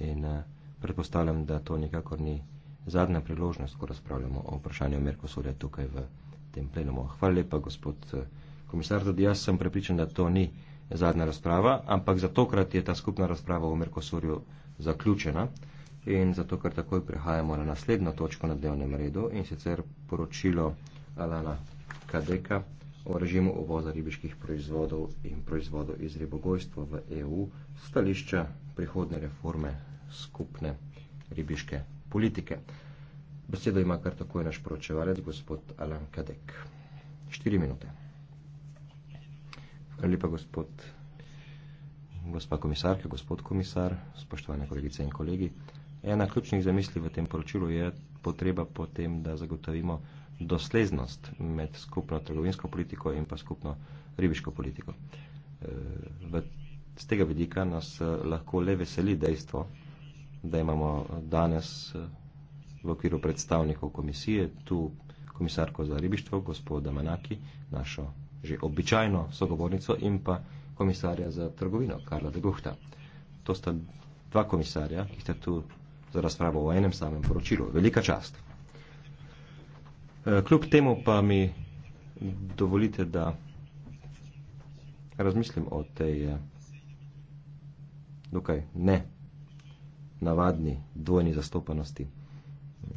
in eh, predpostavljam, da to nekakor ni zadnja priložnost, ko razpravljamo o vprašanju Merkosurja tukaj v tem plenumu. Hvala lepa, gospod eh, komisar, tudi jaz sem prepričan, da to ni zadnja razprava, ampak za tokrat je ta skupna razprava o Merkosurju zaključena in zato, ker takoj prehajamo na naslednjo točko na dnevnem redu in sicer poročilo Alana Kadeka o režimu uvoza ribiških proizvodov in proizvodov iz ribogojstva v EU, stališča prihodne reforme skupne ribiške politike. Besedo ima kar takoj naš poročevalec, gospod Alan Kadek. Štiri minute. Hvala lepa, gospod, gospa komisarka, gospod komisar, spoštovane kolegice in kolegi. Ena ključnih zamisli v tem poročilu je potreba potem, da zagotovimo dosleznost med skupno trgovinsko politiko in pa skupno ribiško politiko. Z e, tega vidika nas eh, lahko le veseli dejstvo, da imamo eh, danes eh, v okviru predstavnikov komisije tu komisarko za ribištvo, gospoda Manaki, našo že običajno sogovornico in pa komisarja za trgovino, Karla de Guhta. To sta dva komisarja, ki sta tu za razpravo o enem samem poročilu. Velika čast. Eh, kljub temu pa mi dovolite, da razmislim o tej dokaj ne navadni dvojni zastopanosti mm,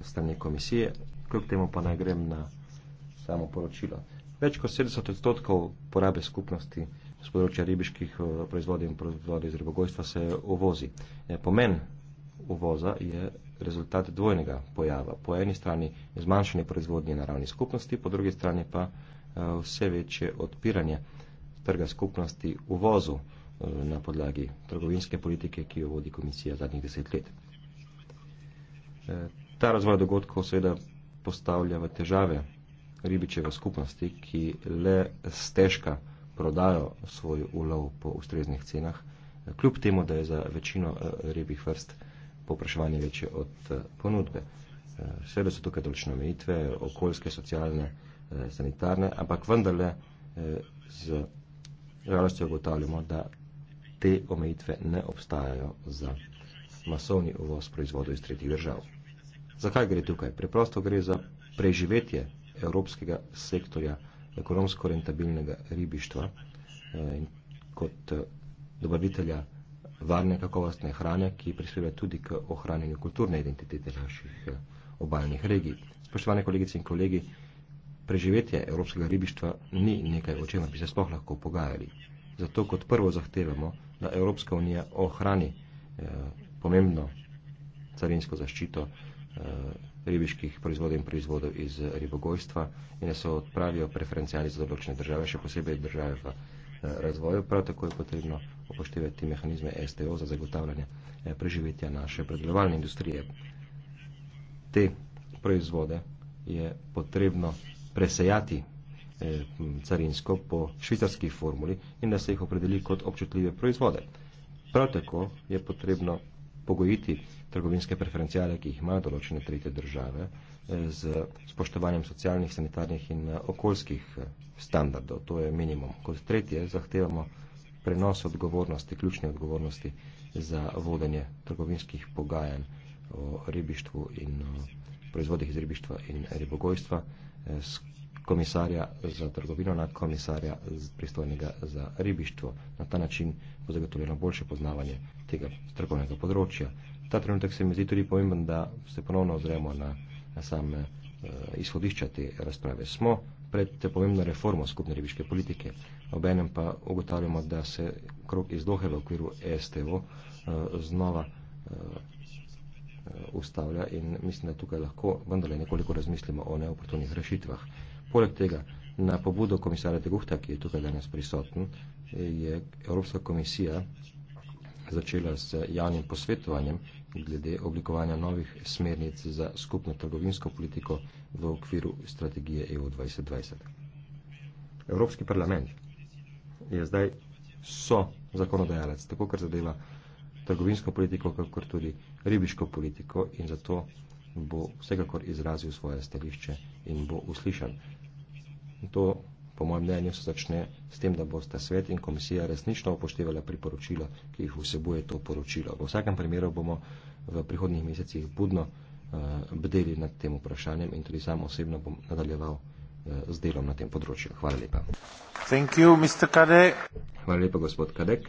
strani komisije. Kljub temu pa naj grem na samo poročilo. Več kot 70 odstotkov porabe skupnosti z področja ribiških eh, proizvodov in proizvodov iz ribogojstva se uvozi. E, pomen uvoza je rezultat dvojnega pojava. Po eni strani zmanjšanje proizvodnje naravnih skupnosti, po drugi strani pa eh, vse večje odpiranje trga skupnosti uvozu. Eh, na podlagi trgovinske politike, ki jo vodi komisija zadnjih deset let. Eh, ta razvoj dogodkov seveda postavlja v težave ribičeve skupnosti, ki le stežka prodajo svoj ulov po ustreznih cenah, eh, kljub temu, da je za večino ribih vrst poprašovanje večje od ponudbe. Seveda so tukaj določene omejitve, okoljske, socialne, sanitarne, ampak vendarle z žalostjo ugotavljamo, da te omejitve ne obstajajo za masovni uvoz proizvodov iz tretjih držav. Zakaj gre tukaj? Preprosto gre za preživetje evropskega sektorja ekonomsko rentabilnega ribištva eh, in kot eh, dobavitelja varne kakovostne hrane, ki prispeva tudi k ohranjanju kulturne identitete naših eh, obaljnih regij. Spoštovane kolegice in kolegi, preživetje evropskega ribištva ni nekaj, o čemer bi se sploh lahko pogajali. Zato kot prvo zahtevamo, da Evropska unija ohrani eh, pomembno carinsko zaščito eh, ribiških proizvodov in proizvodov iz ribogojstva in da se odpravijo preferencijali za določene države, še posebej države v eh, razvoju. Prav tako je potrebno upoštevati mehanizme STO za zagotavljanje eh, preživetja naše predelovalne industrije. Te proizvode je potrebno presejati Eh, carinsko po švicarski formuli in da se jih opredeli kot občutljive proizvode. Prav tako je potrebno pogojiti trgovinske preferencijale, ki jih ima določene tretje države, eh, z spoštovanjem socialnih, sanitarnih in eh, okoljskih standardov. To je minimum. Kot tretje zahtevamo prenos odgovornosti, ključne odgovornosti za vodenje trgovinskih pogajanj o ribištvu in o proizvodih iz ribištva in ribogojstva komisarja za trgovino nad komisarja pristojnega za ribištvo. Na ta način bo zagotovljeno boljše poznavanje tega strokovnega področja. Ta trenutek se mi zdi tudi pomemben, da se ponovno ozremo na, na same uh, izhodišča te razprave. Smo pred te pomembno reformo skupne ribiške politike, obenem pa ugotavljamo, da se krok iz Dohe v okviru STO uh, eh, znova uh, ustavlja in mislim, da tukaj lahko vendarle nekoliko razmislimo o neoportunih rešitvah. Poleg tega, na pobudo komisarja Teguhta, ki je tukaj danes prisoten, je Evropska komisija začela s javnim posvetovanjem glede oblikovanja novih smernic za skupno trgovinsko politiko v okviru strategije EU 2020. Evropski parlament je zdaj so zakonodajalec, tako kar zadeva trgovinsko politiko, kakor tudi ribiško politiko in zato bo vsekakor izrazil svoje stališče in bo uslišan to, po mojem mnenju, se začne s tem, da boste svet in komisija resnično upoštevala priporočila, ki jih vsebuje to poročilo. V vsakem primeru bomo v prihodnih mesecih budno uh, bdeli nad tem vprašanjem in tudi sam osebno bom nadaljeval uh, z delom na tem področju. Hvala lepa. Thank you, Mr. Kadek. Hvala lepa, gospod Kadek.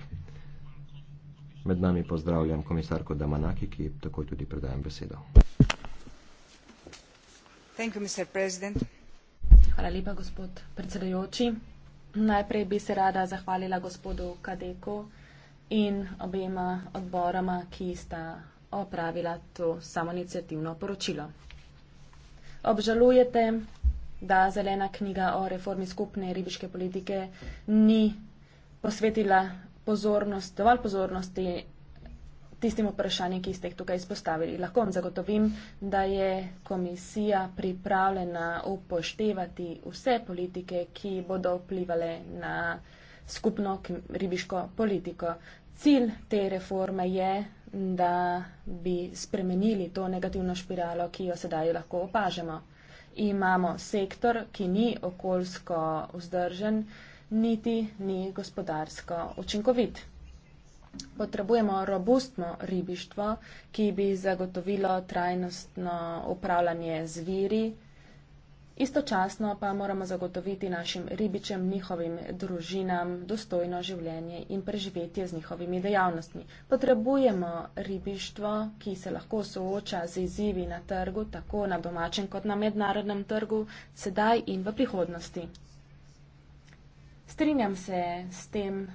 Med nami pozdravljam komisarko Damanaki, ki takoj tudi predajam besedo. Thank you, Mr. President. Hvala lepa, gospod predsedajoči. Najprej bi se rada zahvalila gospodu Kadeku in obema odboroma, ki sta opravila to samoinicijativno poročilo. Obžalujete, da zelena knjiga o reformi skupne ribiške politike ni posvetila pozornost, dovolj pozornosti tistim vprašanjem, ki ste jih tukaj izpostavili. Lahko vam zagotovim, da je komisija pripravljena upoštevati vse politike, ki bodo vplivali na skupno ribiško politiko. Cilj te reforme je, da bi spremenili to negativno špiralo, ki jo sedaj lahko opažamo. Imamo sektor, ki ni okoljsko vzdržen, niti ni gospodarsko učinkovit. Potrebujemo robustno ribištvo, ki bi zagotovilo trajnostno upravljanje z viri, istočasno pa moramo zagotoviti našim ribičem, njihovim družinam dostojno življenje in preživetje z njihovimi dejavnostmi. Potrebujemo ribištvo, ki se lahko sooča z izzivi na trgu, tako na domačem kot na mednarodnem trgu, sedaj in v prihodnosti. Strinjam se s tem,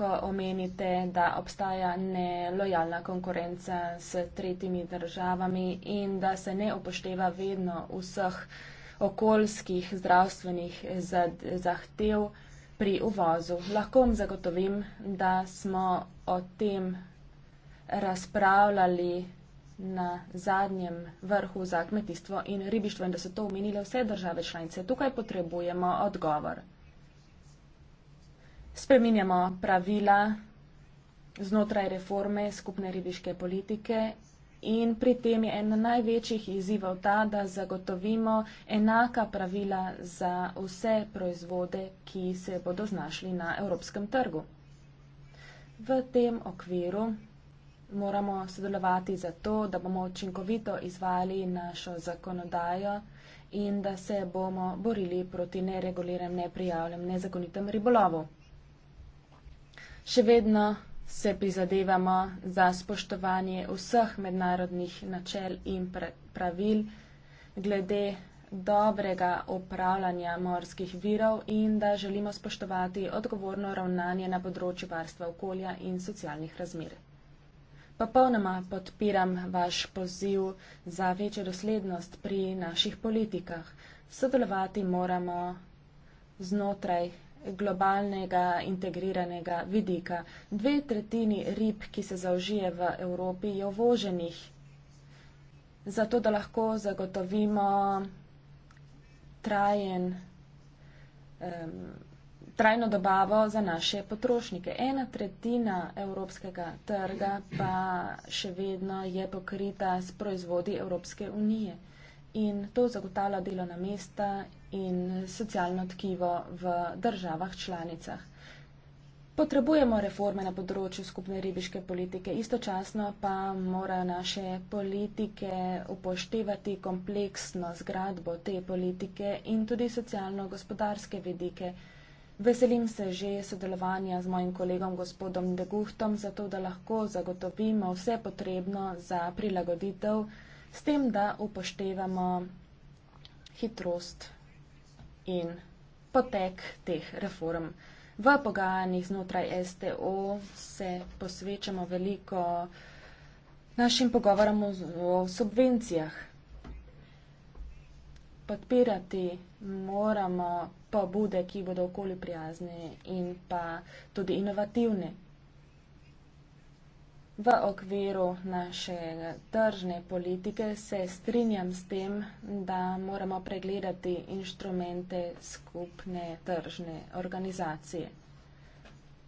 ko omenite, da obstaja nelojalna konkurenca s tretjimi državami in da se ne upošteva vedno vseh okoljskih zdravstvenih zahtev pri uvozu. Lahko vam zagotovim, da smo o tem razpravljali na zadnjem vrhu za kmetijstvo in ribištvo in da so to omenile vse države članice. Tukaj potrebujemo odgovor spreminjamo pravila znotraj reforme skupne ribiške politike in pri tem je ena največjih izzivov ta, da zagotovimo enaka pravila za vse proizvode, ki se bodo znašli na evropskem trgu. V tem okviru moramo sodelovati za to, da bomo učinkovito izvajali našo zakonodajo in da se bomo borili proti nereguliranem, neprijavljenem, nezakonitem ribolovu. Še vedno se prizadevamo za spoštovanje vseh mednarodnih načel in pravil glede dobrega upravljanja morskih virov in da želimo spoštovati odgovorno ravnanje na področju varstva okolja in socialnih razmer. Popolnoma podpiram vaš poziv za večjo doslednost pri naših politikah. Sodelovati moramo znotraj globalnega integriranega vidika. Dve tretjini rib, ki se zaužije v Evropi, je uvoženih. Zato, da lahko zagotovimo trajen, um, trajno dobavo za naše potrošnike. Ena tretjina evropskega trga pa še vedno je pokrita s proizvodi Evropske unije. In to zagotavlja delo na mesta in socialno tkivo v državah članicah. Potrebujemo reforme na področju skupne ribiške politike, istočasno pa mora naše politike upoštevati kompleksno zgradbo te politike in tudi socialno-gospodarske vidike. Veselim se že sodelovanja z mojim kolegom gospodom Deguhtom, zato da lahko zagotovimo vse potrebno za prilagoditev, s tem, da upoštevamo hitrost in potek teh reform. V pogajanjih znotraj STO se posvečamo veliko našim pogovorom o subvencijah. Podpirati moramo pobude, ki bodo okoli prijazne in pa tudi inovativne, V okviru naše tržne politike se strinjam s tem, da moramo pregledati inštrumente skupne tržne organizacije.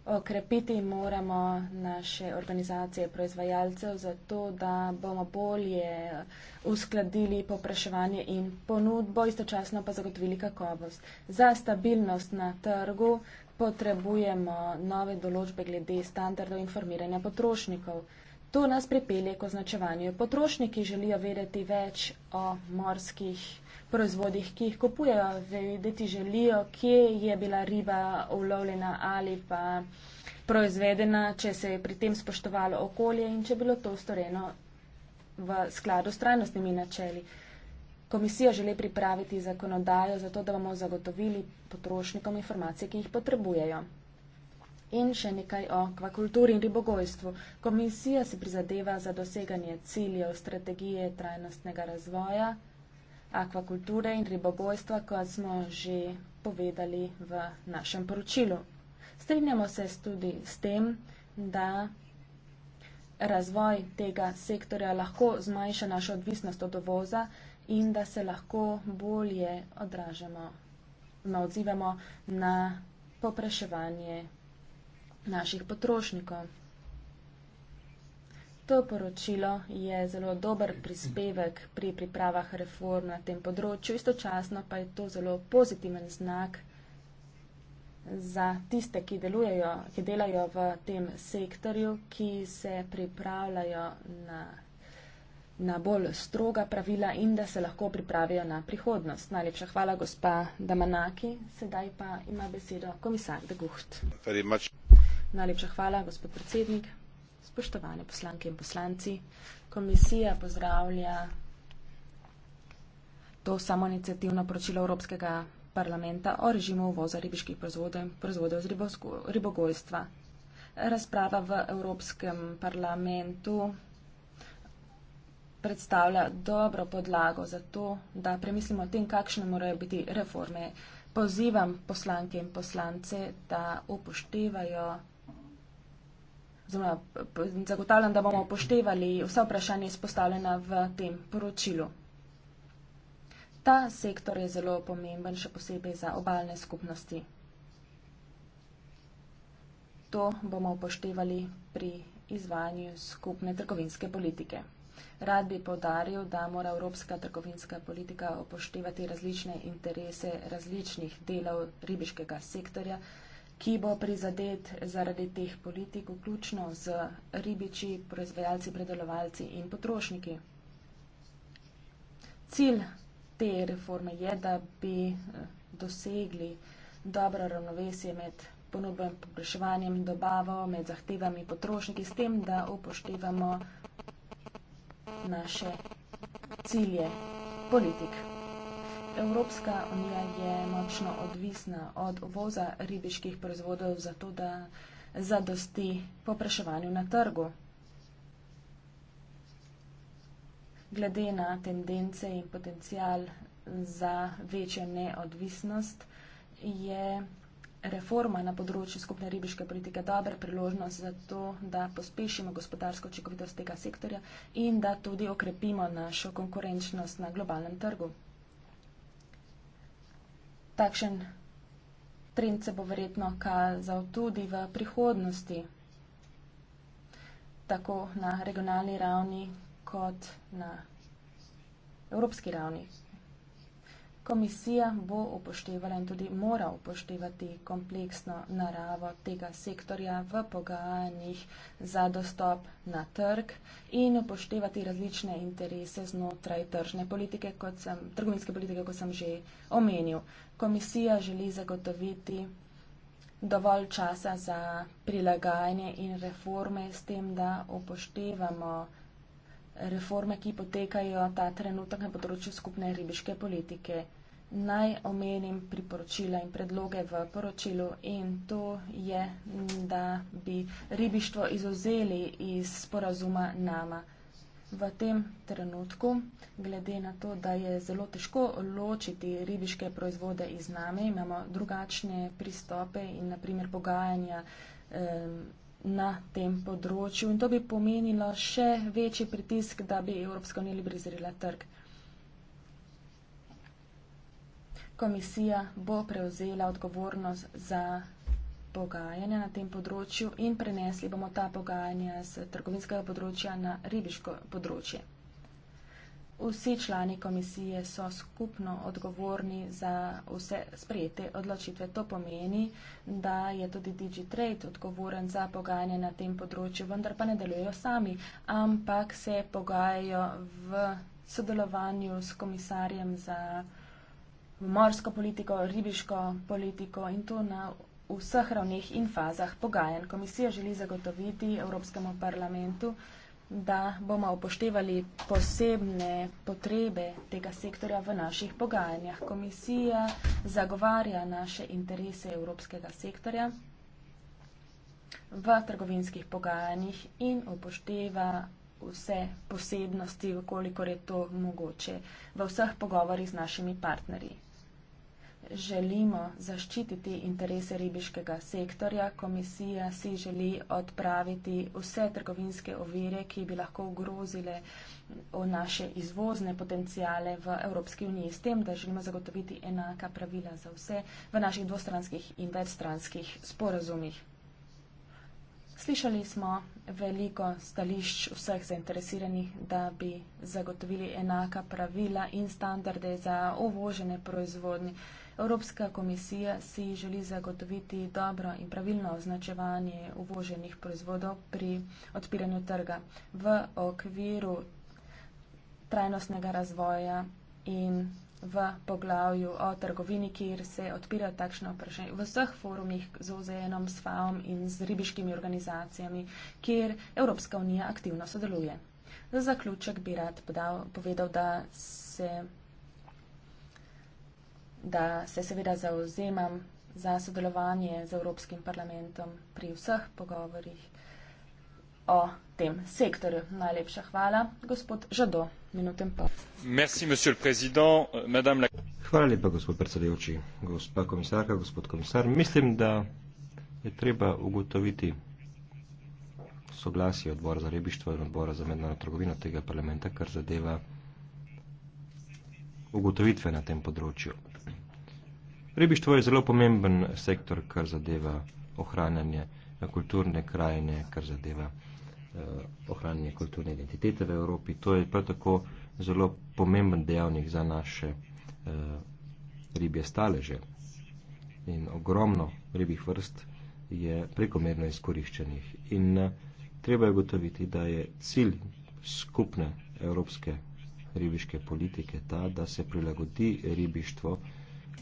Okrepiti moramo naše organizacije proizvajalcev zato, da bomo bolje uskladili popraševanje in ponudbo, istočasno pa zagotovili kakovost. Za stabilnost na trgu potrebujemo nove določbe glede standardov informiranja potrošnikov. To nas pripelje k označevanju. Potrošniki želijo vedeti več o morskih proizvodih, ki jih kupujejo. Vedeti želijo, kje je bila riba ulovljena ali pa proizvedena, če se je pri tem spoštovalo okolje in če je bilo to storjeno v skladu s trajnostnimi načeli. Komisija želi pripraviti zakonodajo, zato da bomo zagotovili potrošnikom informacije, ki jih potrebujejo in še nekaj o akvakulturi in ribogojstvu. Komisija si prizadeva za doseganje ciljev strategije trajnostnega razvoja akvakulture in ribogojstva, kot smo že povedali v našem poročilu. Strinjamo se tudi s tem, da razvoj tega sektorja lahko zmanjša našo odvisnost od dovoza in da se lahko bolje odražamo, odzivamo na popraševanje naših potrošnikov. To poročilo je zelo dober prispevek pri pripravah reform na tem področju, istočasno pa je to zelo pozitiven znak za tiste, ki, delujejo, ki delajo v tem sektorju, ki se pripravljajo na, na bolj stroga pravila in da se lahko pripravijo na prihodnost. Najlepša hvala, gospa Damanaki. Sedaj pa ima besedo komisar Degucht. Najlepša hvala, gospod predsednik. Spoštovane poslanke in poslanci, komisija pozdravlja to samo inicijativno poročilo Evropskega parlamenta o režimu uvoza ribiških proizvodov, proizvodov z ribogojstva. Razprava v Evropskem parlamentu predstavlja dobro podlago za to, da premislimo o tem, kakšne morajo biti reforme. Pozivam poslanke in poslance, da upoštevajo zelo zagotavljam, da bomo upoštevali vse vprašanje izpostavljena v tem poročilu. Ta sektor je zelo pomemben, še posebej za obaljne skupnosti. To bomo upoštevali pri izvajanju skupne trgovinske politike. Rad bi podaril, da mora evropska trgovinska politika upoštevati različne interese različnih delov ribiškega sektorja, ki bo prizadet zaradi teh politik, vključno z ribiči, proizvajalci, predelovalci in potrošniki. Cilj te reforme je, da bi eh, dosegli dobro ravnovesje med ponudbom, popraševanjem in dobavo, med zahtevami potrošniki, s tem, da upoštevamo naše cilje politik. Evropska unija je močno odvisna od uvoza ribiških proizvodov zato, da zadosti popraševanju na trgu. Glede na tendence in potencial za večjo neodvisnost je reforma na področju skupne ribiške politike dobra priložnost za to, da pospešimo gospodarsko očekovitost tega sektorja in da tudi okrepimo našo konkurenčnost na globalnem trgu takšen trend se bo verjetno kazal tudi v prihodnosti, tako na regionalni ravni kot na evropski ravni. Komisija bo upoštevala in tudi mora upoštevati kompleksno naravo tega sektorja v pogajanjih za dostop na trg in upoštevati različne interese znotraj tržne politike, kot sem, trgovinske politike, kot sem že omenil. Komisija želi zagotoviti dovolj časa za prilagajanje in reforme s tem, da upoštevamo reforme, ki potekajo ta trenutek na področju skupne ribiške politike. Naj omenim priporočila in predloge v poročilu in to je, da bi ribištvo izuzeli iz sporazuma nama. V tem trenutku, glede na to, da je zelo težko ločiti ribiške proizvode iz nami, imamo drugačne pristope in naprimer pogajanja. Eh, na tem področju in to bi pomenilo še večji pritisk, da bi Evropska unija liberizirala trg. Komisija bo prevzela odgovornost za pogajanja na tem področju in prenesli bomo ta pogajanja z trgovinskega področja na ribiško področje vsi člani komisije so skupno odgovorni za vse sprejete odločitve. To pomeni, da je tudi DigiTrade odgovoren za pogajanje na tem področju, vendar pa ne delujejo sami, ampak se pogajajo v sodelovanju s komisarjem za morsko politiko, ribiško politiko in to na vseh ravneh in fazah pogajanj. Komisija želi zagotoviti Evropskemu parlamentu, da bomo upoštevali posebne potrebe tega sektorja v naših pogajanjah. Komisija zagovarja naše interese evropskega sektorja v trgovinskih pogajanjih in upošteva vse posebnosti, koliko je to mogoče v vseh pogovorih z našimi partnerji želimo zaščititi interese ribiškega sektorja. Komisija si želi odpraviti vse trgovinske ovire, ki bi lahko ogrozile naše izvozne potencijale v Evropski uniji s tem, da želimo zagotoviti enaka pravila za vse v naših dvostranskih in večstranskih sporazumih. Slišali smo veliko stališč vseh zainteresiranih, da bi zagotovili enaka pravila in standarde za ovožene proizvodnje. Evropska komisija si želi zagotoviti dobro in pravilno označevanje uvoženih proizvodov pri odpiranju trga v okviru trajnostnega razvoja in v poglavju o trgovini, kjer se odpira takšno vprašanje v vseh forumih z OZN-om, s FAOM in z ribiškimi organizacijami, kjer Evropska unija aktivno sodeluje. Za zaključek bi rad podal, povedal, da se da se seveda zauzemam za sodelovanje z Evropskim parlamentom pri vseh pogovorjih o tem sektorju. Najlepša hvala, gospod Žado, minutem pa. Hvala lepa, gospod predsedujoči, gospa komisarka, gospod komisar. Mislim, da je treba ugotoviti soglasje odbora za ribištvo in odbora za mednarodno trgovino tega parlamenta, kar zadeva ugotovitve na tem področju. Ribištvo je zelo pomemben sektor, kar zadeva ohranjanje kulturne krajine, kar zadeva eh, ohranjanje kulturne identitete v Evropi. To je prav tako zelo pomemben dejavnik za naše eh, ribje staleže. In ogromno ribih vrst je prekomerno izkoriščenih. In eh, treba je gotoviti, da je cilj skupne evropske ribiške politike ta, da se prilagodi ribištvo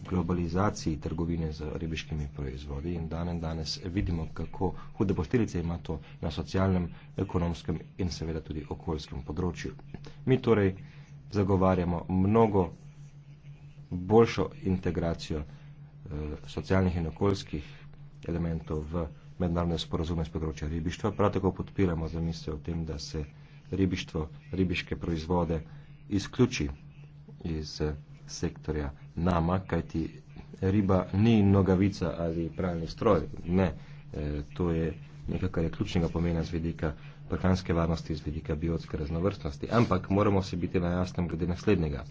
globalizaciji trgovine z ribiškimi proizvodi in danes, danes vidimo, kako hude posledice ima to na socialnem, ekonomskem in seveda tudi okoljskem področju. Mi torej zagovarjamo mnogo boljšo integracijo eh, socialnih in okoljskih elementov v mednarodne sporozume z področja ribištva. Prav tako podpiramo zamisel o tem, da se ribištvo, ribiške proizvode izključi iz eh, sektorja nama, kajti riba ni nogavica ali pralni stroj. Ne, e, to je nekaj, kar je ključnega pomena z vidika prehranske varnosti, z vidika biotske raznovrstnosti. Ampak moramo se biti na jasnem glede naslednjega.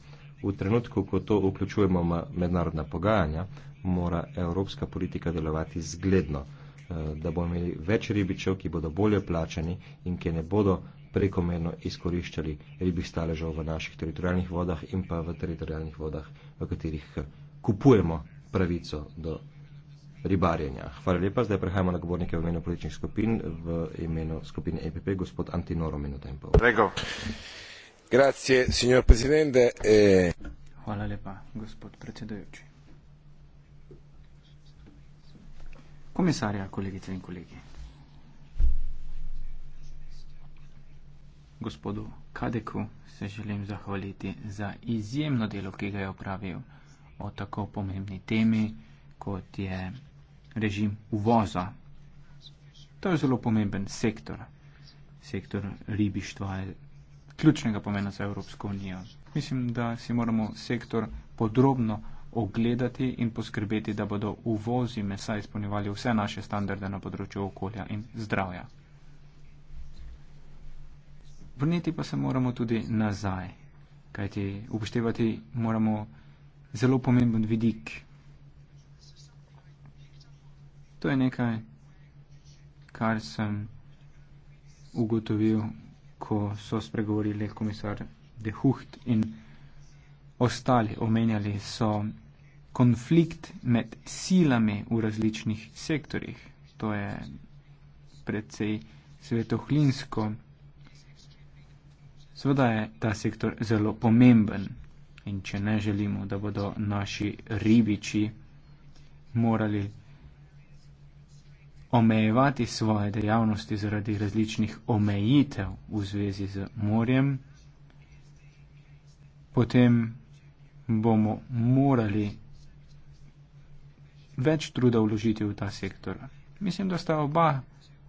V trenutku, ko to vključujemo v mednarodna pogajanja, mora evropska politika delovati zgledno, e, da bomo imeli več ribičev, ki bodo bolje plačani in ki ne bodo prekomerno izkoriščali ribih staležev v naših teritorijalnih vodah in pa v teritorijalnih vodah v katerih eh, kupujemo pravico do ribarjenja. Hvala lepa, zdaj prehajamo na govornike v imenu političnih skupin, v imenu skupine EPP, gospod Antinoro, minuta in pol. Rego. Grazie, signor presidente. E... Hvala lepa, gospod predsedujoči. Komisarja, kolegice in kolegi. Gospodu Kadeku se želim zahvaliti za izjemno delo, ki ga je opravil o tako pomembni temi, kot je režim uvoza. To je zelo pomemben sektor. Sektor ribištva je ključnega pomena za Evropsko unijo. Mislim, da si moramo sektor podrobno ogledati in poskrbeti, da bodo uvozi mesa izpolnjevali vse naše standarde na področju okolja in zdravja. Vrniti pa se moramo tudi nazaj, kajti upoštevati moramo zelo pomemben vidik. To je nekaj, kar sem ugotovil, ko so spregovorili komisar De Hucht in ostali omenjali so konflikt med silami v različnih sektorjih. To je predvsej svetohlinsko. Seveda je ta sektor zelo pomemben in če ne želimo, da bodo naši ribiči morali omejevati svoje dejavnosti zaradi različnih omejitev v zvezi z morjem, potem bomo morali več truda vložiti v ta sektor. Mislim, da sta oba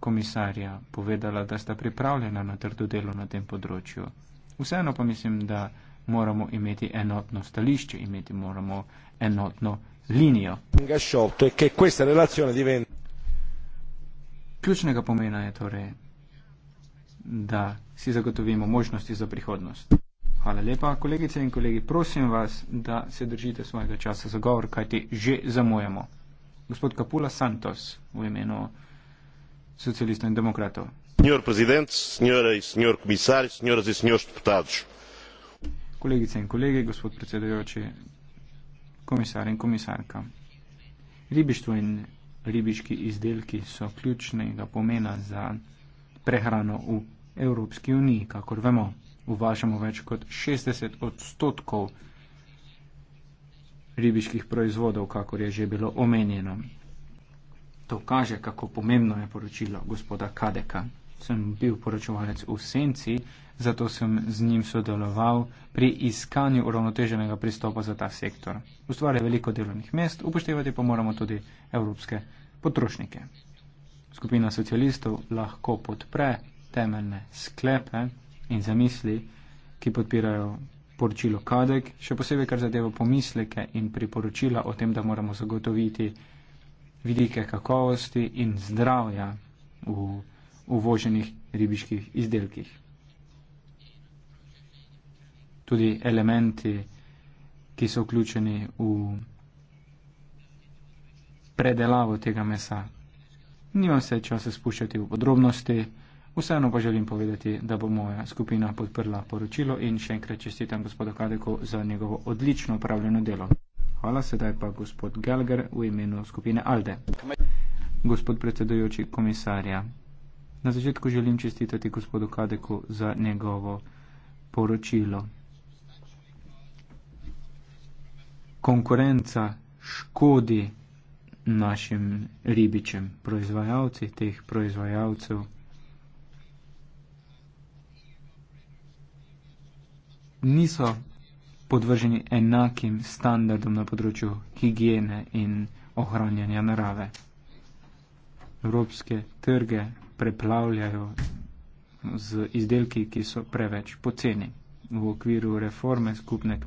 komisarja povedala, da sta pripravljena na trdo delo na tem področju. Vseeno pa mislim, da moramo imeti enotno stališče, imeti moramo enotno linijo. E Ključnega pomena je torej, da si zagotovimo možnosti za prihodnost. Hvala lepa, kolegice in kolegi, prosim vas, da se držite svojega časa za govor, kajti že zamujamo. Gospod Kapula Santos v imenu socialistov in demokratov. Senhor presidente, senhora e senhor comissário, senhoras e senhores deputados. Kolegice in kolegi, gospod predsedujoči, komisar in komisarka. Ribištvo in ribiški izdelki so ključnega pomena za prehrano v Evropski uniji, kakor vemo, uvažamo več kot 60 odstotkov ribiških proizvodov, kakor je že bilo omenjeno. To kaže, kako pomembno je poročilo gospoda Kadeka. Sem bil poročevalec v senci, zato sem z njim sodeloval pri iskanju uravnoteženega pristopa za ta sektor. Ustvarja veliko delovnih mest, upoštevati pa moramo tudi evropske potrošnike. Skupina socialistov lahko podpre temeljne sklepe in zamisli, ki podpirajo poročilo Kadek, še posebej kar zadeva pomisleke in priporočila o tem, da moramo zagotoviti velike kakovosti in zdravja v uvoženih ribiških izdelkih. Tudi elementi, ki so vključeni v predelavo tega mesa. Nima se časa spuščati v podrobnosti, vseeno pa želim povedati, da bo moja skupina podprla poročilo in še enkrat čestitam gospodu Kadeku za njegovo odlično upravljeno delo. Hvala, sedaj pa gospod Gelger v imenu skupine Alde. Gospod predsedujoči komisarja, na začetku želim čestitati gospodu Kadeku za njegovo poročilo. Konkurenca škodi našim ribičem, proizvajalci teh proizvajalcev. Niso podvrženi enakim standardom na področju higiene in ohranjanja narave. Evropske trge preplavljajo z izdelki, ki so preveč poceni. V okviru reforme skupne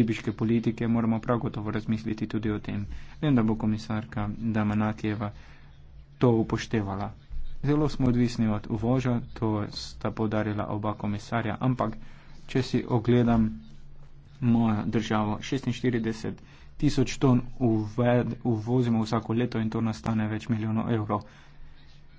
ribiške politike moramo prav gotovo razmisliti tudi o tem. Vem, da bo komisarka Damanakijeva to upoštevala. Zelo smo odvisni od uvoža, to sta podarila oba komisarja, ampak če si ogledam mojo državo. 46 tisoč ton uved, uvozimo vsako leto in to nastane več milijonov evrov.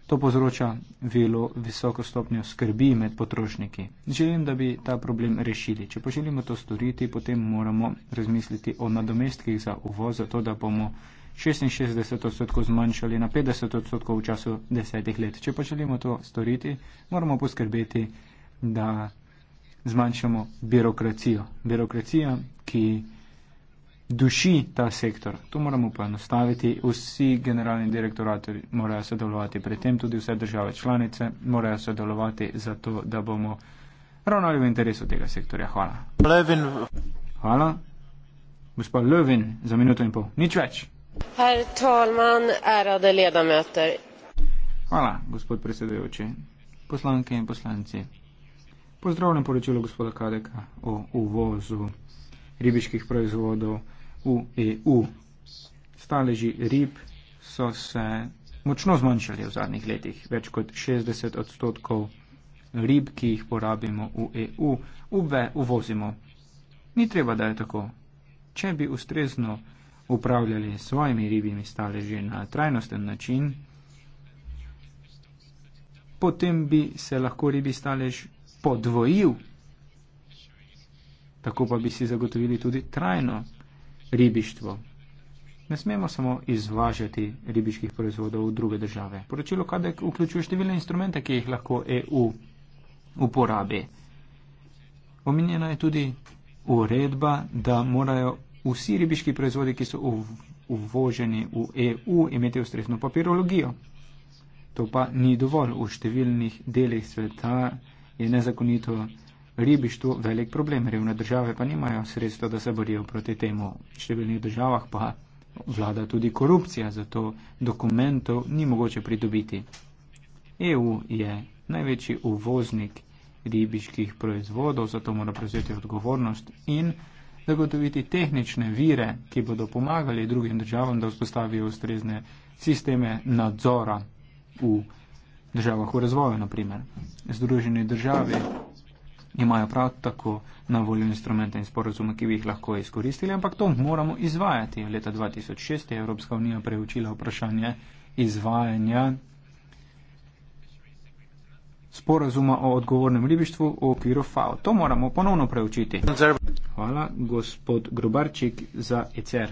To povzroča velo visoko stopnjo skrbi med potrošniki. Želim, da bi ta problem rešili. Če poželimo to storiti, potem moramo razmisliti o nadomestkih za uvoz, zato da bomo 66 odstotkov zmanjšali na 50 odstotkov v času desetih let. Če pa želimo to storiti, moramo poskrbeti, da zmanjšamo birokracijo. Birokracija, ki duši ta sektor. To moramo poenostaviti. Vsi generalni direktorati morajo sodelovati, predtem tudi vse države članice morajo sodelovati za to, da bomo ravnali v interesu tega sektorja. Hvala. Levin. Hvala. Gospod Levin, za minuto in pol. Nič več. Herr Talman, ärade ledamöter. Hvala, gospod predsedujoči, poslanke in poslanci. Pozdravljam poročilo gospoda Kadeka o uvozu ribiških proizvodov v EU. Staleži rib so se močno zmanjšali v zadnjih letih. Več kot 60 odstotkov rib, ki jih porabimo v EU, uve uvozimo. Ni treba, da je tako. Če bi ustrezno upravljali s svojimi ribimi staleži na trajnosten način, potem bi se lahko ribi stalež podvojil. Tako pa bi si zagotovili tudi trajno ribištvo. Ne smemo samo izvažati ribiških proizvodov v druge države. Poročilo KADEK vključuje številne instrumente, ki jih lahko EU uporabi. Omenjena je tudi uredba, da morajo vsi ribiški proizvodi, ki so uvoženi v EU, imeti ustrezno papirologijo. To pa ni dovolj v številnih delih sveta je nezakonito ribištvo velik problem. Revne države pa nimajo sredstva, da se borijo proti temu. V številnih državah pa vlada tudi korupcija, zato dokumentov ni mogoče pridobiti. EU je največji uvoznik ribiških proizvodov, zato mora prevzeti odgovornost in zagotoviti tehnične vire, ki bodo pomagali drugim državam, da vzpostavijo ustrezne sisteme nadzora v državi državah v razvoju, naprimer. Združeni državi imajo prav tako na voljo instrumente in sporozume, ki bi jih lahko izkoristili, ampak to moramo izvajati. Leta 2006 je Evropska unija preučila vprašanje izvajanja sporozuma o odgovornem ribištvu v okviru FAO. To moramo ponovno preučiti. Hvala, gospod Grobarčik, za ECR.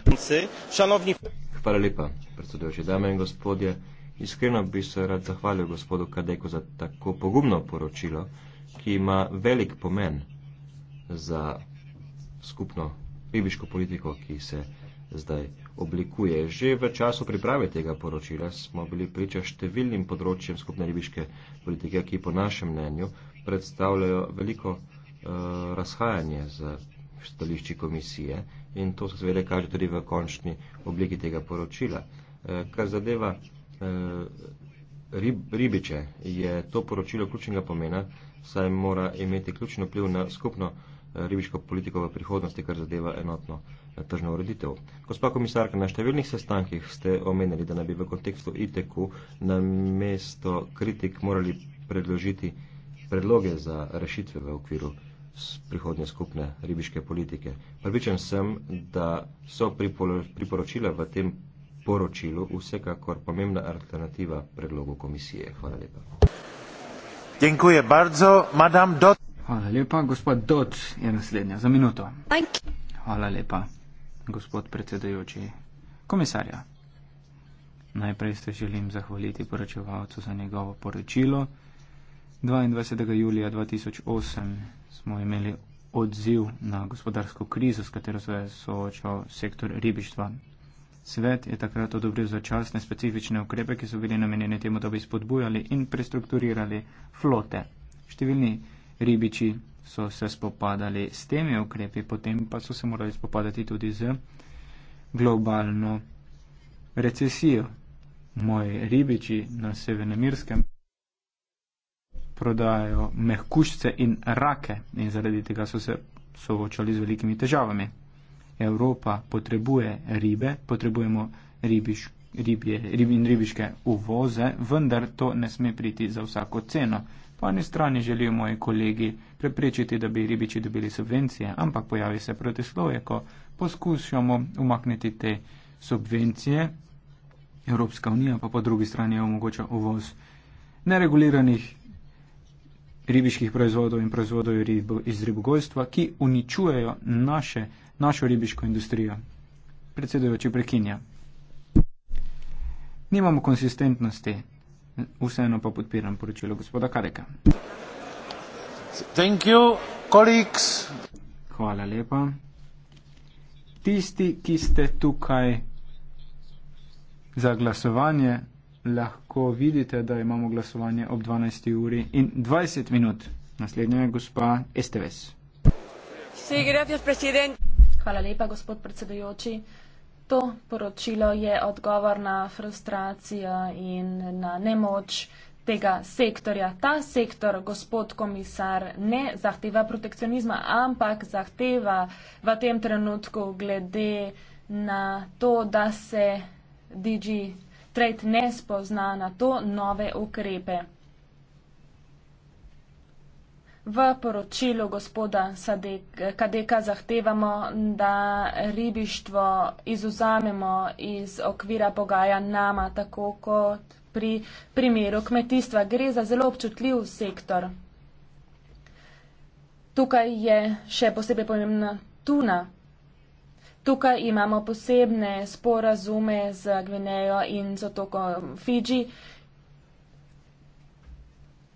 Hvala lepa, predsedujoči dame in gospodje. Iskreno bi se rad zahvalil gospodu Kadeku za tako pogumno poročilo, ki ima velik pomen za skupno ribiško politiko, ki se zdaj oblikuje. Že v času priprave tega poročila smo bili priča številnim področjem skupne ribiške politike, ki po našem mnenju predstavljajo veliko uh, razhajanje z stališči komisije in to se seveda kaže tudi v končni obliki tega poročila. Uh, kar zadeva Eh, rib, ribiče je to poročilo ključnega pomena, saj mora imeti ključno vpliv na skupno eh, ribiško politiko v prihodnosti, kar zadeva enotno eh, tržno ureditev. Gospa komisarka, na številnih sestankih ste omenili, da naj bi v kontekstu ITQ na mesto kritik morali predložiti predloge za rešitve v okviru prihodnje skupne ribiške politike. Prvičen sem, da so priporočila v tem poročilo vsekakor pomembna alternativa predlogu komisije. Hvala lepa. Hvala lepa. Gospod Dot je naslednja za minuto. Hvala lepa, gospod predsedajoči komisarja. Najprej se želim zahvaliti poročevalcu za njegovo poročilo. 22. julija 2008 smo imeli odziv na gospodarsko krizo, s katero se je soočal sektor ribištva Svet je takrat odobril začasne specifične ukrepe, ki so bili namenjeni temu, da bi spodbujali in prestrukturirali flote. Številni ribiči so se spopadali s temi ukrepi, potem pa so se morali spopadati tudi z globalno recesijo. Moji ribiči na Severnemirskem prodajajo mehkušce in rake in zaradi tega so se soočali z velikimi težavami. Evropa potrebuje ribe, potrebujemo ribiš, ribje, rib in ribiške uvoze, vendar to ne sme priti za vsako ceno. Po eni strani želijo moji kolegi preprečiti, da bi ribiči dobili subvencije, ampak pojavi se protislovje, ko poskušamo umakniti te subvencije. Evropska unija pa po drugi strani omogoča uvoz nereguliranih ribiških proizvodov in proizvodov ribo, iz ribogojstva, ki uničujejo naše, našo ribiško industrijo. Predsedujoči prekinja. Nimamo konsistentnosti, vseeno pa podpiram poročilo gospoda Kareka. Thank you, colleagues. Hvala lepa. Tisti, ki ste tukaj za glasovanje, lahko vidite, da imamo glasovanje ob 12. uri in 20 minut. Naslednja je gospa STVS. Hvala lepa, gospod predsedujoči. To poročilo je odgovor na frustracijo in na nemoč tega sektorja. Ta sektor, gospod komisar, ne zahteva protekcionizma, ampak zahteva v tem trenutku glede na to, da se DG Trend ne spozna na to nove ukrepe. V poročilu gospoda Kadeka zahtevamo, da ribištvo izuzamemo iz okvira pogaja nama, tako kot pri primeru kmetijstva. Gre za zelo občutljiv sektor. Tukaj je še posebej pomembna tuna. Tukaj imamo posebne sporazume z Gvinejo in z otokom Fiji.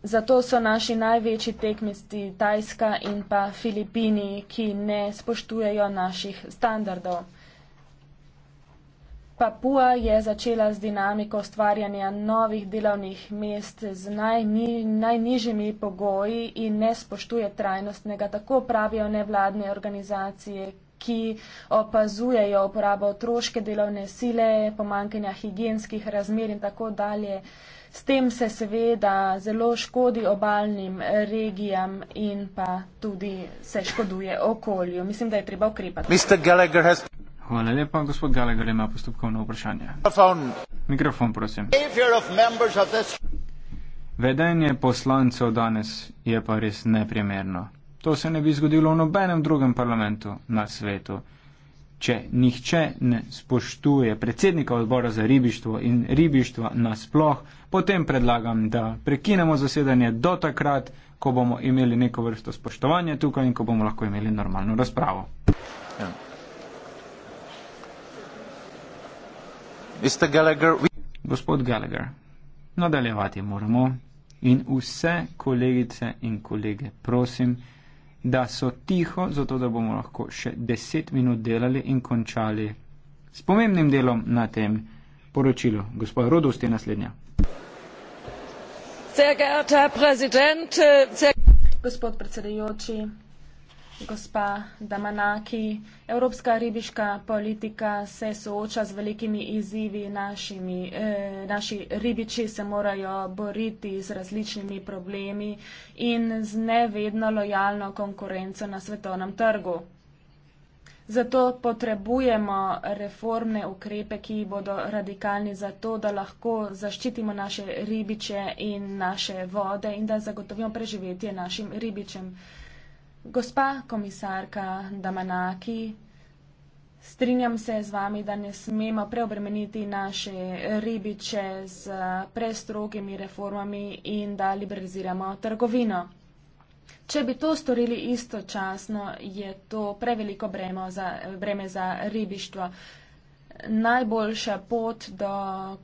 Zato so naši največji tekmisti Tajska in pa Filipini, ki ne spoštujejo naših standardov. Papua je začela z dinamiko ustvarjanja novih delovnih mest z najni, najnižjimi pogoji in ne spoštuje trajnostnega, tako pravijo nevladne organizacije, ki opazujejo uporabo otroške delovne sile, pomankanja higijenskih razmer in tako dalje. S tem se seveda zelo škodi obaljnim regijam in pa tudi se škoduje okolju. Mislim, da je treba ukrepati. Has... Hvala lepa, gospod Gallagher ima postopkovno vprašanje. Mikrofon, prosim. This... Vedenje poslancev danes je pa res neprimerno. To se ne bi zgodilo v nobenem drugem parlamentu na svetu, če nihče ne spoštuje predsednika odbora za ribištvo in ribištva nasploh, potem predlagam, da prekinemo zasedanje do takrat, ko bomo imeli neko vrsto spoštovanja tukaj in ko bomo lahko imeli normalno razpravo. Ja. Gallagher, we... Gospod Gallagher, nadaljevati moramo in vse kolegice in kolege, prosim, da so tiho, zato da bomo lahko še deset minut delali in končali s pomembnim delom na tem poročilu. Gospod Rodost je naslednja. Äh, Gospod predsedujoči, gospa Damanaki, evropska ribiška politika se sooča z velikimi izzivi, našimi, eh, naši ribiči se morajo boriti z različnimi problemi in z nevedno lojalno konkurenco na svetovnem trgu. Zato potrebujemo reformne ukrepe, ki bodo radikalni za to, da lahko zaščitimo naše ribiče in naše vode in da zagotovimo preživetje našim ribičem. Gospa komisarka Damanaki, strinjam se z vami, da ne smemo preobremeniti naše ribiče z prestrogimi reformami in da liberaliziramo trgovino. Če bi to storili istočasno, je to preveliko breme za, breme za ribištvo. Najboljša pot do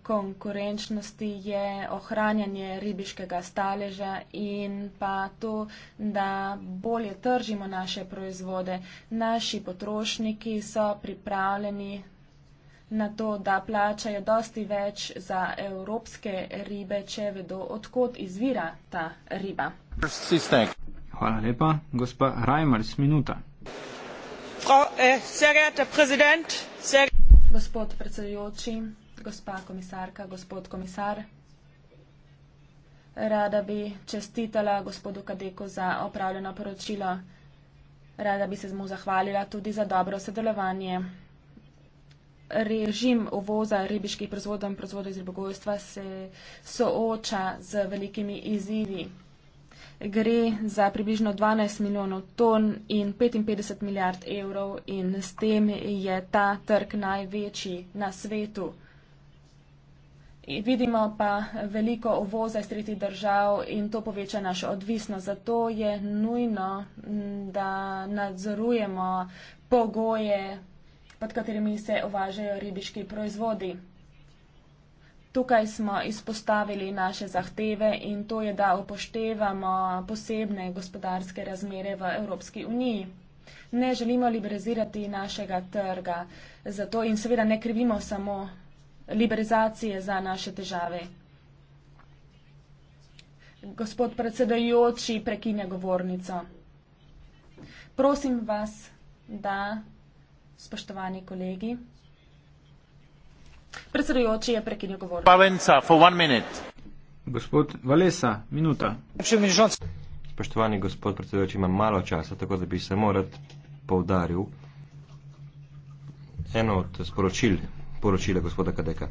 konkurenčnosti je ohranjanje ribiškega staleža in pa to, da bolje tržimo naše proizvode. Naši potrošniki so pripravljeni na to, da plačajo dosti več za evropske ribe, če vedo, odkot izvira ta riba. Hvala lepa. Gospa Reimers, minuta. Frau, eh, sehr geehrter Präsident, sehr... Gospod predsedujoči, gospa komisarka, gospod komisar, rada bi čestitala gospodu Kadeku za opravljeno poročilo. Rada bi se mu zahvalila tudi za dobro sodelovanje. Režim uvoza ribiških proizvodov in proizvodov iz ribogojstva se sooča z velikimi izzivi gre za približno 12 milijonov ton in 55 milijard evrov in s tem je ta trg največji na svetu. Vidimo pa veliko uvoza iz tretjih držav in to poveča našo odvisnost. Zato je nujno, da nadzorujemo pogoje, pod katerimi se uvažajo ribiški proizvodi. Tukaj smo izpostavili naše zahteve in to je, da upoštevamo posebne gospodarske razmere v Evropski uniji. Ne želimo liberalizirati našega trga zato in seveda ne krivimo samo liberalizacije za naše težave. Gospod predsedajoči prekine govornico. Prosim vas, da, spoštovani kolegi, Predsedujoči je prekinil govor. Valenca, for one minute. Gospod Valesa, minuta. Spoštovani gospod predsedujoči, imam malo časa, tako da bi se morat poudaril eno od sporočil, poročila gospoda Kadeka.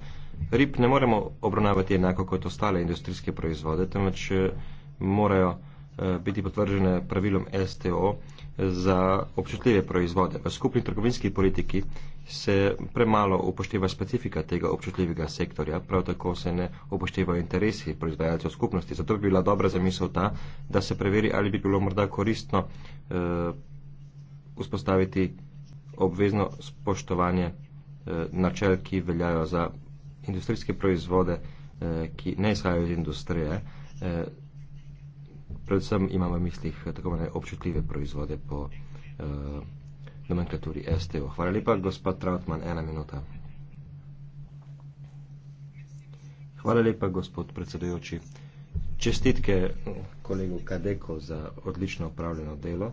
Rib ne moremo obravnavati enako kot ostale industrijske proizvode, temveč eh, morajo Eh, biti potvržene pravilom STO za občutljive proizvode. V skupni trgovinski politiki se premalo upošteva specifika tega občutljivega sektorja, prav tako se ne upoštevajo interesi proizvajalcev skupnosti. Zato bi bila dobra zamisel ta, da se preveri, ali bi bilo morda koristno eh, vzpostaviti obvezno spoštovanje eh, načel, ki veljajo za industrijske proizvode, eh, ki ne izhajajo iz industrije. Eh, predvsem imamo v mislih eh, tako manj občutljive proizvode po uh, nomenklaturi STO. Hvala lepa, gospod Trautman, ena minuta. Hvala lepa, gospod predsedujoči. Čestitke eh, kolegu Kadeko za odlično upravljeno delo.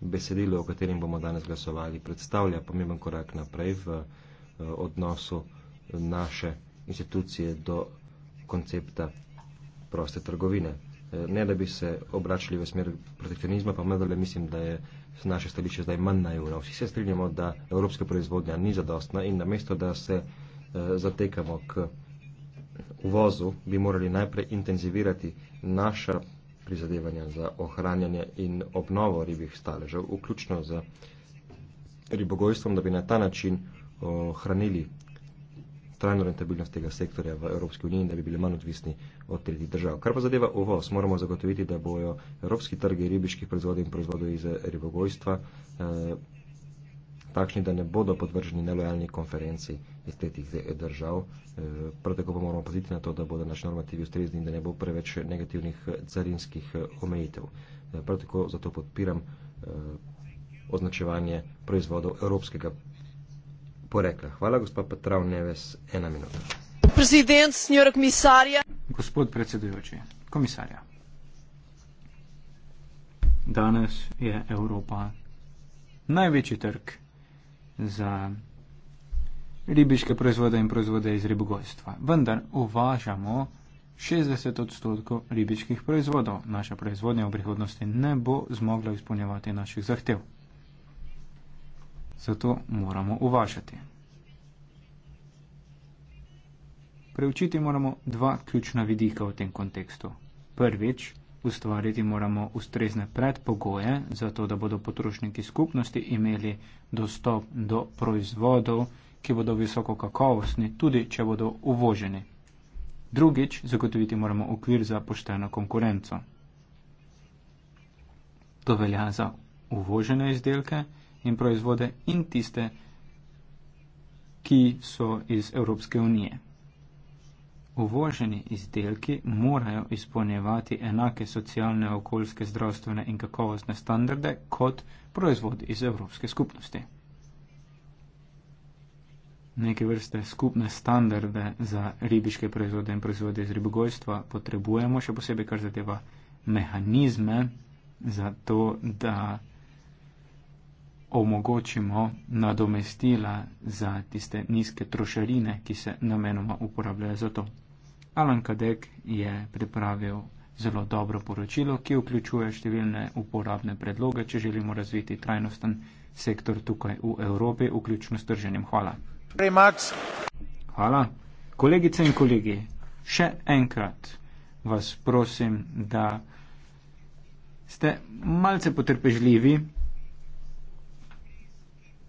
Besedilo, o katerem bomo danes glasovali, predstavlja pomemben korak naprej v odnosu naše institucije do koncepta proste trgovine ne da bi se obračali v smer protekcionizma, pa vendarle mislim, da je naše stališče zdaj manj na evro. Vsi se strinjamo, da evropska proizvodnja ni zadostna in namesto, da se eh, zatekamo k uvozu, bi morali najprej intenzivirati naša prizadevanja za ohranjanje in obnovo ribih staležev, vključno z ribogojstvom, da bi na ta način eh, ohranili trajno rentabilnost tega sektorja v Evropski uniji in da bi bili manj odvisni od tretjih držav. Kar pa zadeva uvoz, moramo zagotoviti, da bojo evropski trgi ribiških proizvodov in proizvodov iz eh, ribogojstva eh, takšni, da ne bodo podvrženi nelojalni konferenci iz tretjih držav. Eh, prav tako pa moramo paziti na to, da bodo naši normativi ustrezni in da ne bo preveč negativnih carinskih omejitev. Prav tako zato podpiram označevanje proizvodov evropskega porekla. Hvala, gospa Petrav Neves, ena minuta. Prezident, senjora komisarja. Gospod predsedujoči, komisarja. Danes je Evropa največji trg za ribiške proizvode in proizvode iz ribogojstva. Vendar uvažamo 60 odstotkov ribiških proizvodov. Naša proizvodnja v prihodnosti ne bo zmogla izpolnjevati naših zahtev zato moramo uvažati. Preučiti moramo dva ključna vidika v tem kontekstu. Prvič, ustvariti moramo ustrezne predpogoje, zato da bodo potrošniki skupnosti imeli dostop do proizvodov, ki bodo visoko kakovostni, tudi če bodo uvoženi. Drugič, zagotoviti moramo okvir za pošteno konkurenco. To velja za uvožene izdelke in proizvode in tiste, ki so iz Evropske unije. Uvoženi izdelki morajo izpolnjevati enake socialne, okoljske, zdravstvene in kakovostne standarde kot proizvodi iz Evropske skupnosti. Neke vrste skupne standarde za ribiške proizvode in proizvode iz ribogojstva potrebujemo, še posebej kar zadeva mehanizme za to, da omogočimo nadomestila za tiste nizke trošarine, ki se namenoma uporabljajo za to. Alan Kadek je pripravil zelo dobro poročilo, ki vključuje številne uporabne predloge, če želimo razviti trajnosten sektor tukaj v Evropi, vključno s trženjem. Hvala. Hvala. Kolegice in kolegi, še enkrat vas prosim, da ste malce potrpežljivi.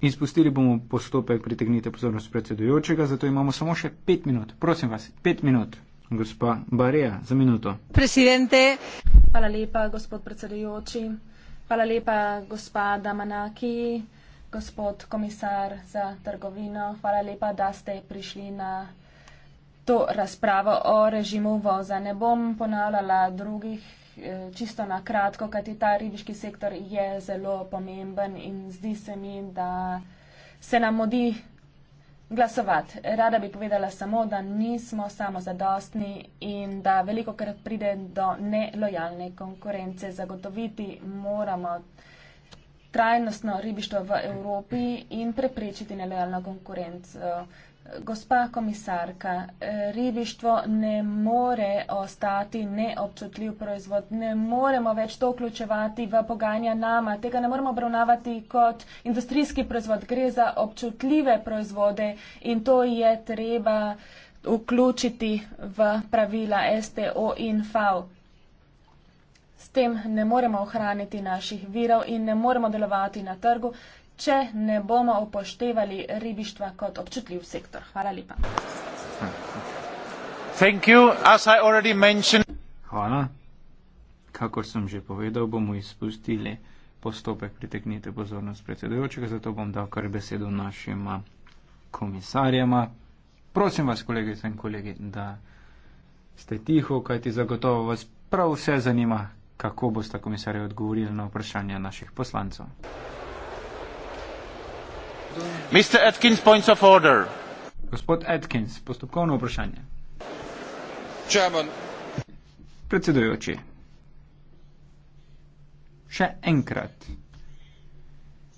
In spustili bomo postopek pritegnite pozornost predsedujočega, zato imamo samo še pet minut. Prosim vas, pet minut. Gospa Bareja, za minuto. Presidente. Hvala lepa, gospod predsedujoči. Hvala lepa, gospa Damanaki, gospod komisar za trgovino. Hvala lepa, da ste prišli na to razpravo o režimu voza. Ne bom ponavljala drugih Eh, čisto na kratko, kajti ta ribiški sektor je zelo pomemben in zdi se mi, da se nam odi glasovati. Rada bi povedala samo, da nismo samo zadostni in da veliko krat pride do nelojalne konkurence. Zagotoviti moramo trajnostno ribištvo v Evropi in preprečiti nelojalno konkurenco. Gospa komisarka, ribištvo ne more ostati neobčutljiv proizvod. Ne moremo več to vključevati v pogajanja nama. Tega ne moremo obravnavati kot industrijski proizvod. Gre za občutljive proizvode in to je treba vključiti v pravila STO in FAO. S tem ne moremo ohraniti naših virov in ne moremo delovati na trgu, če ne bomo upoštevali ribištva kot občutljiv sektor. Hvala lepa. Hvala. Kakor sem že povedal, bomo izpustili postopek pritegnite pozornost predsedujočega, zato bom dal kar besedo našima komisarjama. Prosim vas, kolegice in kolegi, da ste tiho, kajti zagotovo vas prav vse zanima, kako boste komisarje odgovorili na vprašanja naših poslancov. Mr. Atkins, points of order. Gospod Atkins, postopkovno vprašanje. Chairman. Predsedujoči, še enkrat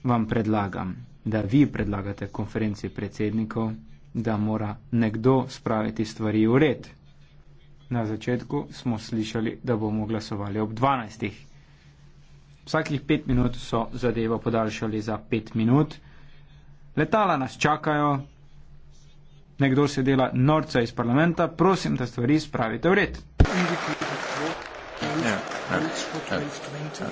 vam predlagam, da vi predlagate konferenci predsednikov, da mora nekdo spraviti stvari v red. Na začetku smo slišali, da bomo glasovali ob 12. Vsakih pet minut so zadevo podaljšali za pet minut letala nas čakajo, nekdo se dela norca iz parlamenta, prosim, da stvari spravite v red. Ja, ja, ja.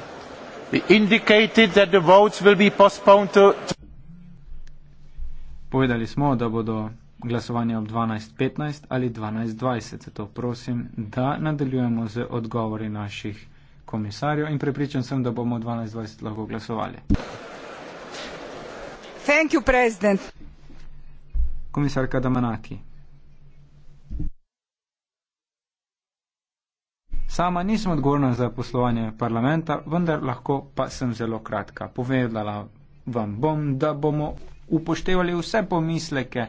Povedali smo, da bodo glasovanje ob 12.15 ali 12.20. Zato prosim, da nadaljujemo z odgovori naših komisarjev in prepričan sem, da bomo 12.20 lahko glasovali. Thank you, President. Komisarka Damanaki. Sama nisem odgovorna za poslovanje parlamenta, vendar lahko pa sem zelo kratka. Povedala vam bom, da bomo upoštevali vse pomisleke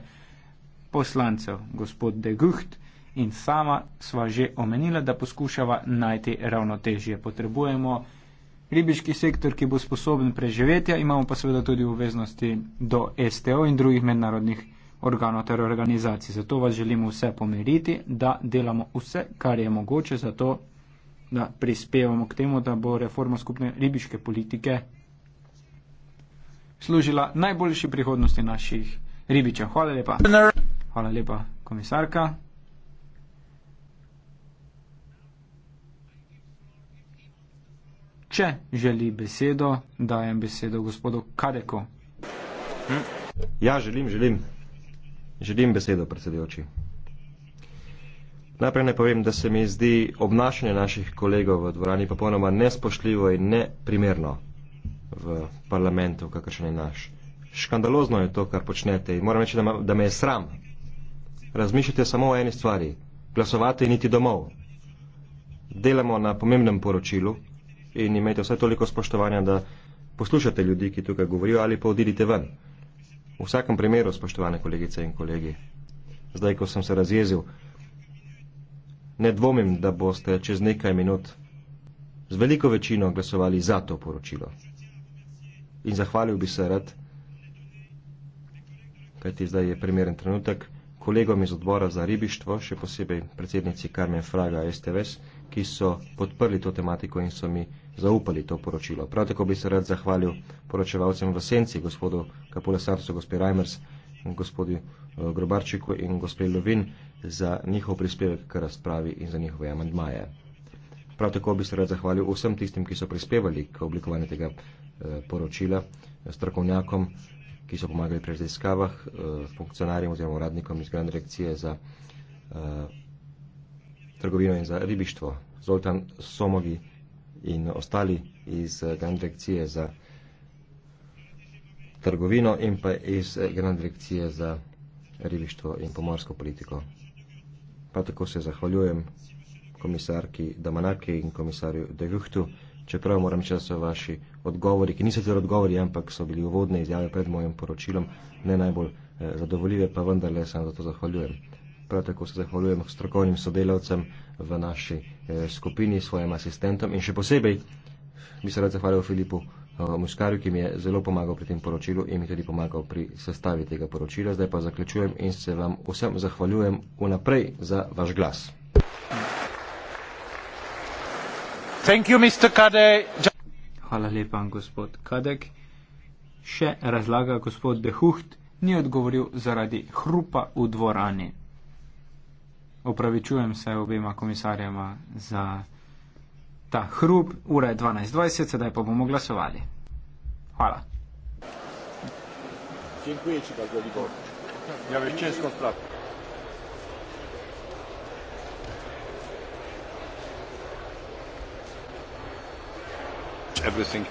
poslancev, gospod De Gucht in sama sva že omenila, da poskušava najti ravnotežje. Potrebujemo ribiški sektor, ki bo sposoben preživetja, imamo pa seveda tudi obveznosti do STO in drugih mednarodnih organov ter organizacij. Zato vas želimo vse pomeriti, da delamo vse, kar je mogoče, zato da prispevamo k temu, da bo reforma skupne ribiške politike služila najboljši prihodnosti naših ribičev. Hvala lepa. Hvala lepa, komisarka. Če želi besedo, dajem besedo gospodu Kadeko. Hm? Ja, želim, želim. Želim besedo, predsedujoči. Najprej ne povem, da se mi zdi obnašanje naših kolegov v dvorani popolnoma nespošljivo in neprimerno v parlamentu, kakršen je naš. Škandalozno je to, kar počnete in moram reči, da, da me je sram. Razmišljate samo o eni stvari. Glasovati in iti domov. Delamo na pomembnem poročilu, in imejte vse toliko spoštovanja, da poslušate ljudi, ki tukaj govorijo ali pa odidite ven. V vsakem primeru, spoštovane kolegice in kolegi, zdaj, ko sem se razjezil, ne dvomim, da boste čez nekaj minut z veliko večino glasovali za to poročilo. In zahvalil bi se rad, kajti zdaj je primeren trenutek, kolegom iz odbora za ribištvo, še posebej predsednici Carmen Fraga STVS, ki so podprli to tematiko in so mi zaupali to poročilo. Prav tako bi se rad zahvalil poročevalcem v Senci, gospodu Kapulesarcu, gospod Reimers, gospodu eh, Grobarčiku in gospod Lovin za njihov prispevek k razpravi in za njihove amandmaje. Prav tako bi se rad zahvalil vsem tistim, ki so prispevali k oblikovanju tega eh, poročila, eh, strokovnjakom, ki so pomagali pri raziskavah, funkcionarjem oziroma uradnikom iz Grand Direkcije za trgovino in za ribištvo. Zoltan Somogi in ostali iz Grand Direkcije za trgovino in pa iz Grand Direkcije za ribištvo in pomorsko politiko. Pa tako se zahvaljujem komisarki Damanaki in komisarju De Guchtu, čeprav moram čas so vaši odgovori, ki niso tudi odgovori, ampak so bili uvodne izjave pred mojim poročilom, ne najbolj eh, zadovoljive, pa vendarle se na to zahvaljujem. Prav tako se zahvaljujem strokovnim sodelavcem, v naši eh, skupini s svojim asistentom in še posebej bi se rad zahvalil Filipu eh, Muskarju, ki mi je zelo pomagal pri tem poročilu in mi tudi pomagal pri sestavi tega poročila. Zdaj pa zaključujem in se vam vsem zahvaljujem vnaprej za vaš glas. Thank you, Mr. Hvala lepa, gospod Kadek. Še razlaga gospod Dehuht ni odgovoril zaradi hrupa v dvorani opravičujem se obema komisarjama za ta hrup. Ura je 12.20, sedaj pa bomo glasovali. Hvala. Everything.